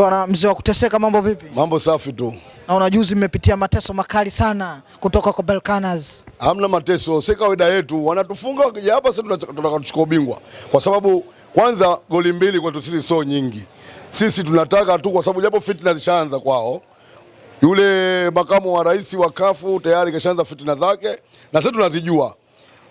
Bwana mzee wa kuteseka, mambo vipi? Mambo safi tu. Naona juzi mmepitia mateso makali sana kutoka kwa Balkans. Hamna mateso, si kawaida yetu, wanatufunga wakija hapa, sisi tunataka tuchukue ubingwa, kwa sababu kwanza goli mbili kwetu sisi sio nyingi. Sisi tunataka tu, kwa sababu japo fitna zishaanza kwao yule makamu wa rais wa kafu tayari kashaanza fitna zake, na sisi tunazijua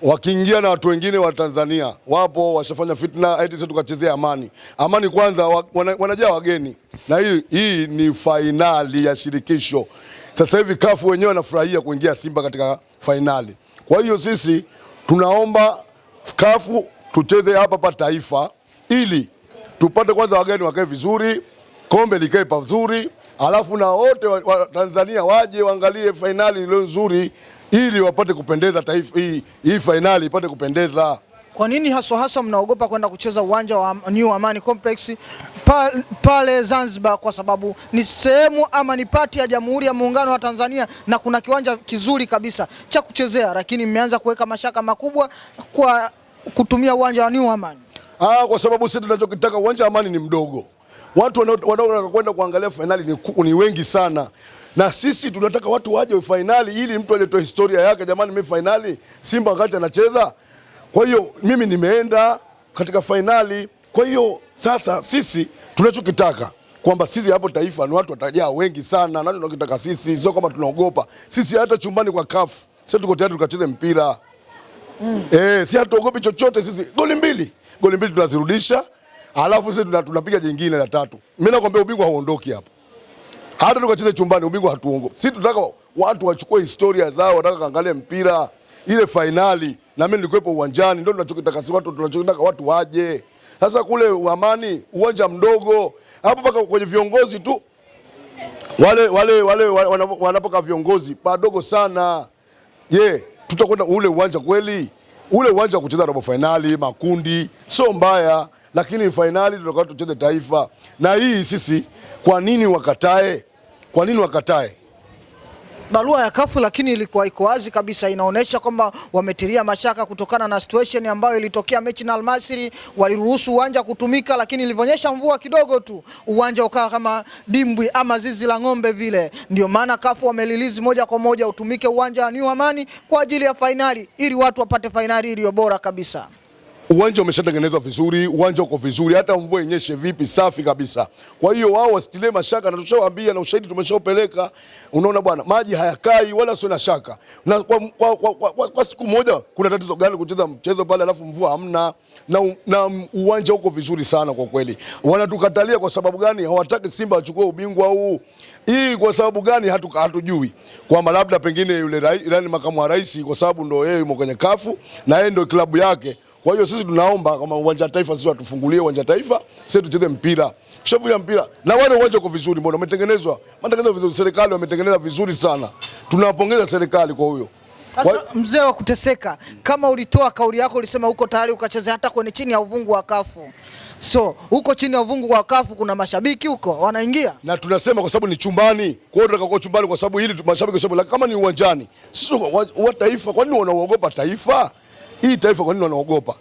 wakiingia na watu wengine wa Tanzania wapo washafanya fitna, eti sisi tukachezea amani. Amani kwanza wana, wageni na hii, hii ni fainali ya shirikisho. Sasa hivi kafu wenyewe wanafurahia kuingia Simba katika fainali. Kwa hiyo sisi tunaomba kafu tucheze hapa pa taifa ili tupate kwanza wageni wakae vizuri, kombe likae pazuri, alafu na wote wa, wa Tanzania waje waangalie fainali iliyo nzuri ili wapate kupendeza taifa, hii, hii fainali ipate kupendeza. Kwa nini haswa haswa mnaogopa kwenda kucheza uwanja wa New Amani Complex pa, pale Zanzibar? Kwa sababu ni sehemu ama ni pati ya Jamhuri ya Muungano wa Tanzania na kuna kiwanja kizuri kabisa cha kuchezea, lakini mmeanza kuweka mashaka makubwa kwa kutumia uwanja wa New Amani. Ah, kwa sababu sisi tunachokitaka uwanja wa Amani ni mdogo, watu wanaotaka kwenda kuangalia fainali ni, ni wengi sana na sisi tunataka watu waje fainali ili mtu aletoa historia yake. Jamani, mimi fainali Simba wakati anacheza, kwa hiyo mimi nimeenda katika fainali. Kwa hiyo sasa sisi tunachokitaka kwamba sisi hapo taifa ni watu watajaa wengi sana, na tunakitaka sisi, sio kama tunaogopa sisi. Hata chumbani kwa kafu sisi tuko tayari tukacheze mpira mm. Eh, si hatuogopi chochote sisi. Goli mbili, goli mbili tunazirudisha, alafu sisi tunapiga jingine la tatu. Mimi nakwambia ubingwa hauondoki hapo hata tukacheze chumbani ubingwa hatuongo. Sisi tunataka watu wachukue historia zao, wataka kaangalia mpira ile fainali, na mimi nilikuwepo uwanjani, ndio tunachokitaka si watu, tunachotaka watu waje. Sasa kule Amani uwanja mdogo hapo, mpaka kwenye viongozi tu wale wale wale wanapoka viongozi padogo sana. Je, yeah, tutakwenda ule uwanja kweli? Ule uwanja wa kucheza robo fainali makundi sio mbaya, lakini fainali tutakwenda tucheze taifa. Na hii sisi, kwa nini wakatae? Kwa nini wakatae? Barua ya kafu lakini ilikuwa iko wazi kabisa, inaonyesha kwamba wametiria mashaka kutokana na situation ambayo ilitokea mechi na Almasiri. Waliruhusu uwanja kutumika, lakini ilivyonyesha mvua kidogo tu uwanja ukawa kama dimbwi ama zizi la ng'ombe vile. Ndio maana kafu wamelilizi moja kwa moja utumike uwanja wa New Amani kwa ajili ya fainali, ili watu wapate fainali iliyo bora kabisa. Uwanja umeshatengenezwa vizuri, uwanja uko vizuri, hata mvua inyeshe vipi, safi kabisa. Kwa hiyo wao wasitilie mashaka, na tushawaambia na ushahidi tumeshaupeleka. Unaona bwana, maji hayakai wala sio na shaka. Na kwa, kwa, kwa, kwa, kwa siku moja, kuna tatizo gani kucheza mchezo pale alafu mvua hamna? Na, na uwanja uko vizuri sana kwa kweli. Wanatukatalia kwa sababu gani? Hawataki Simba achukue ubingwa huu. Hii kwa sababu gani? Hatu, hatujui kwamba labda pengine yule rai, makamu wa rais kwa sababu ndo yeye yumo kwenye kafu na yeye ndo klabu yake kwa hiyo sisi tunaomba kama uwanja wa taifa, sisi watufungulie uwanja wa taifa, sisi tucheze mpira, ya mpira na wale uwanja uko vizuri, mbona umetengenezwa, matengenezo vizuri, serikali wametengeneza vizuri sana, tunawapongeza serikali kwa huyo. Sasa mzee wa kuteseka, kama ulitoa kauli yako, ulisema uko tayari ukacheze hata kwenye chini ya uvungu wa kafu. So huko chini ya uvungu wa kafu kuna mashabiki huko wanaingia, na tunasema kwa sababu ni chumbani. Kwa hiyo tunataka chumbani, kwa sababu hili mashabiki, kwa sababu kama ni uwanjani, sisi wa taifa, kwa nini wanaogopa taifa? Hii taifa kwa nini wanaogopa?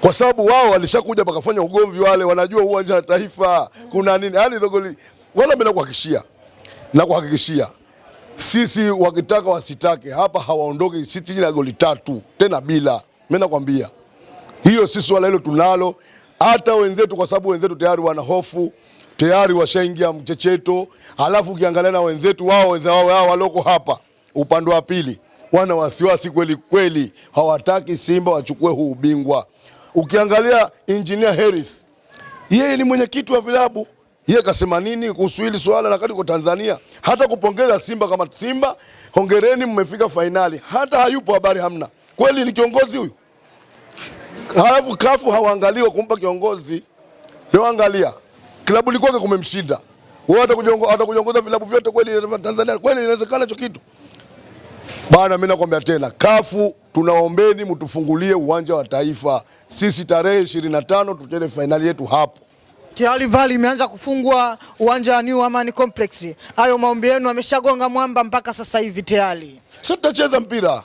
Kwa sababu wao walishakuja pakafanya ugomvi, wale wanajua uwanja wa taifa kuna nini. Yani dogoli wala mimi nakuhakikishia, nakuhakikishia sisi wakitaka wasitake, hapa hawaondoki sisi na goli tatu tena bila. Mimi nakwambia hiyo, sisi swala hilo tunalo, hata wenzetu, kwa sababu wenzetu tayari wana hofu tayari washaingia mchecheto. Alafu ukiangalia na wenzetu wao wenzao wao waloko hapa upande wa pili wana wasiwasi kweli kweli, hawataki Simba wachukue huu ubingwa. Ukiangalia Engineer Harris, yeye ni mwenyekiti wa vilabu yeye akasema nini kuhusu hili swala? Na kati kwa Tanzania hata kupongeza Simba kama Simba, hongereni mmefika fainali, hata hayupo, habari hamna. Kweli ni kiongozi huyu? Halafu kafu hawaangaliwa kumpa kiongozi leo. Angalia klabu likwake kumemshinda, hata kujiongoza vilabu vyote kweli Tanzania, kweli inawezekana hicho kitu? Bana, mimi nakwambia tena, kafu tunaombeni mtufungulie uwanja wa Taifa, sisi tarehe 25 tucheze fainali yetu hapo. Tayari vali imeanza kufungwa uwanja wa New Amani Complex. Hayo maombi yenu ameshagonga mwamba mpaka sasa hivi tayari. Sasa tutacheza mpira,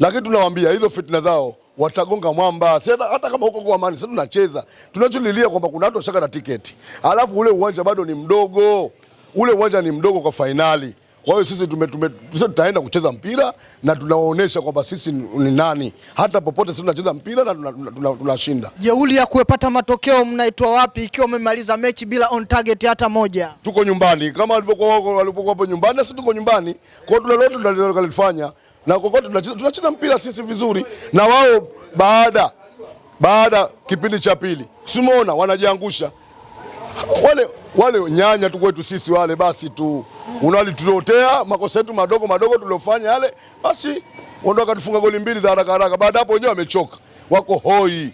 lakini tunawaambia hizo fitna zao watagonga mwamba. Sasa hata kama huko kwa Amani, sasa tunacheza, tunacholilia kwamba kuna watu washaka na tiketi, alafu ule uwanja bado ni mdogo, ule uwanja ni mdogo kwa fainali. Kwa hiyo sisi tutaenda kucheza mpira na tunawaonyesha kwamba sisi ni nani, hata popote sisi tunacheza mpira na tunashinda tuna, tuna, tuna jeuli ya kuepata matokeo. Mnaitwa wapi ikiwa mmemaliza mechi bila on target hata moja? Tuko nyumbani kama walipokuwa hapo nyumbani, na sisi tuko nyumbani, kwa hiyo tunalote tunalifanya na kokote tunacheza mpira sisi vizuri na wao. Baada baada kipindi cha pili, simona wanajiangusha wale wale nyanya tu kwetu sisi wale, basi tu unalitutotea makosa yetu madogo madogo tuliofanya yale, basi ondoka, akatufunga goli mbili za haraka haraka. Baada hapo wenyewe wamechoka, wako hoi,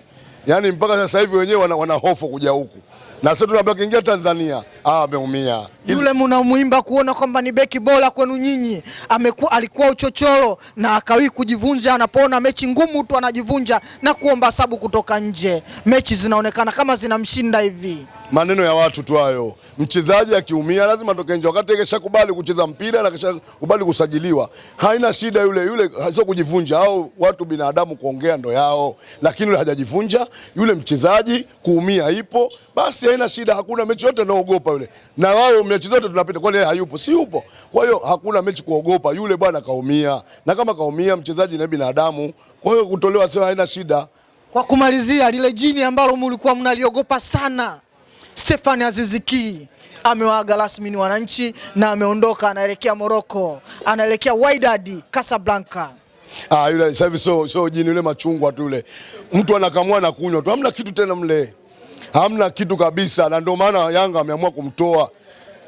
yani mpaka sasa hivi wenyewe wana, wana hofu kuja huku na sisi tunaambia kiingia Tanzania ah, ameumia. Yule mnamwimba kuona kwamba ni beki bora kwenu nyinyi, amekuwa alikuwa uchochoro na akawi kujivunja, anapoona mechi ngumu tu anajivunja na kuomba sabu kutoka nje, mechi zinaonekana kama zinamshinda hivi maneno ya watu tu hayo. Mchezaji akiumia lazima atoke nje, wakati keshakubali kucheza mpira na keshakubali kusajiliwa, haina shida. Yule yule sio kujivunja, au watu binadamu kuongea ndo yao, lakini yule hajajivunja. Yule mchezaji kuumia ipo, basi haina shida. Hakuna mechi yote anaogopa yule, na wao mechi zote tunapita, kwani yeye hayupo? Si yupo. Kwa hiyo hakuna mechi kuogopa. Yule bwana kaumia, na kama kaumia mchezaji na binadamu, kwa hiyo kutolewa sio, haina shida. Kwa kumalizia, lile jini ambalo mlikuwa mnaliogopa sana Stefani Aziziki amewaaga rasmi ni wananchi na ameondoka, anaelekea Morocco, anaelekea Wydad Casablanca. Ah, yule sasa hivi so, so jini yule machungwa tu yule, mtu anakamua na kunywa tu, hamna kitu tena mle, hamna kitu kabisa, na ndio maana Yanga ameamua kumtoa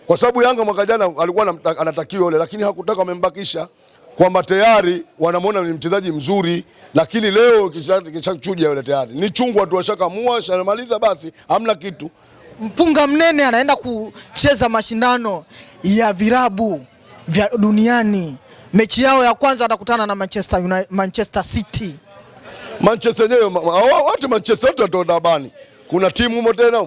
kwa sababu Yanga mwaka jana alikuwa anatakiwa yule, lakini hakutaka, amembakisha kwamba tayari wanamwona ni mchezaji mzuri, lakini leo kishachuja kisha yule tayari ni chungwa tu, ashakamua, ashamaliza basi hamna kitu mpunga mnene anaenda kucheza mashindano ya virabu vya duniani. Mechi yao ya kwanza watakutana na Manchester United, Manchester City. Manchester yenyewe wote Manchester wote watoa dabani. kuna timu moja tena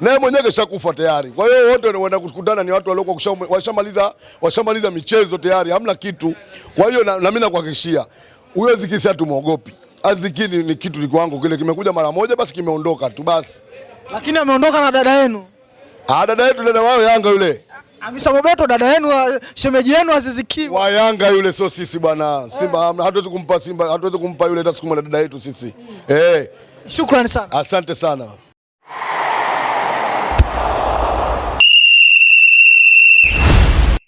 naye mwenyewe kashakufa tayari. Kwa hiyo wote wanaenda kukutana ni watu waliokuwa washamaliza washamaliza michezo tayari, hamna kitu. Kwa hiyo na, na mimi nakuhakikishia huyo zikisia tumuogopi azikini ni kitu kwangu kile kimekuja mara moja basi kimeondoka tu basi. Lakini ameondoka na dada yenu. Ah, dada yetu, dada wao Yanga yule. Hamisa Mobeto dada yenu, shemeji yenu aziziki. Wa Yanga yule sio sisi bwana. Simba eh, hatuwezi kumpa Simba, hatuwezi kumpa yule hata siku moja dada yetu sisi. Mm. Eh. Shukrani sana. Asante sana.